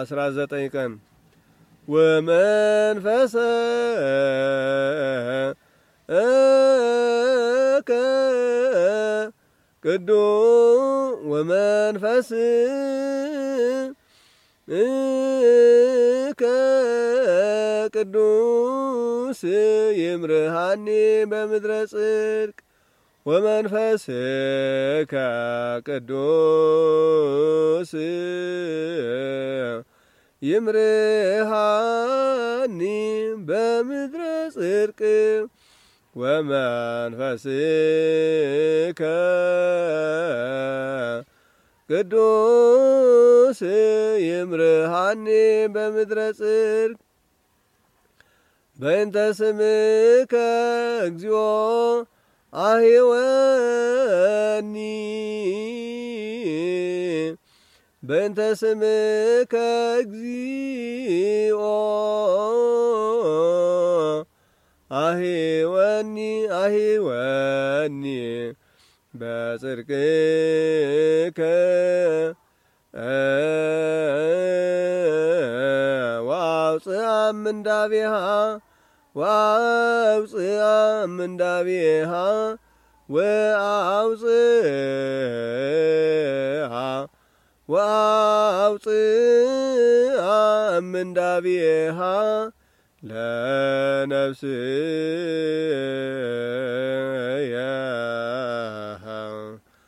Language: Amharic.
አስራ ዘጠኝ ቀን ወመንፈሰ እከ ቅዱስ ወመንፈስ እከ ቅዱስ ይምርሃኒ በምድረ ጽድቅ ወመንፈስከ ቅዱስ ይምርሃኒ በምድረ ጽድቅ ወመንፈስከ ቅዱስ ይምርሃኒ በምድረ ጽድቅ በእንተ ስምከ እግዚኦ አህወኒ በእንተ ስምከ እግዚኦ አሂወኒ አሂወኒ በጽድቅከ ወአውፅአ ምንዳቤሃ ወአውፅአ ምንዳቤሃ ወአውፅ ወአውፅአ እምንዳቤሃ ለነፍስህ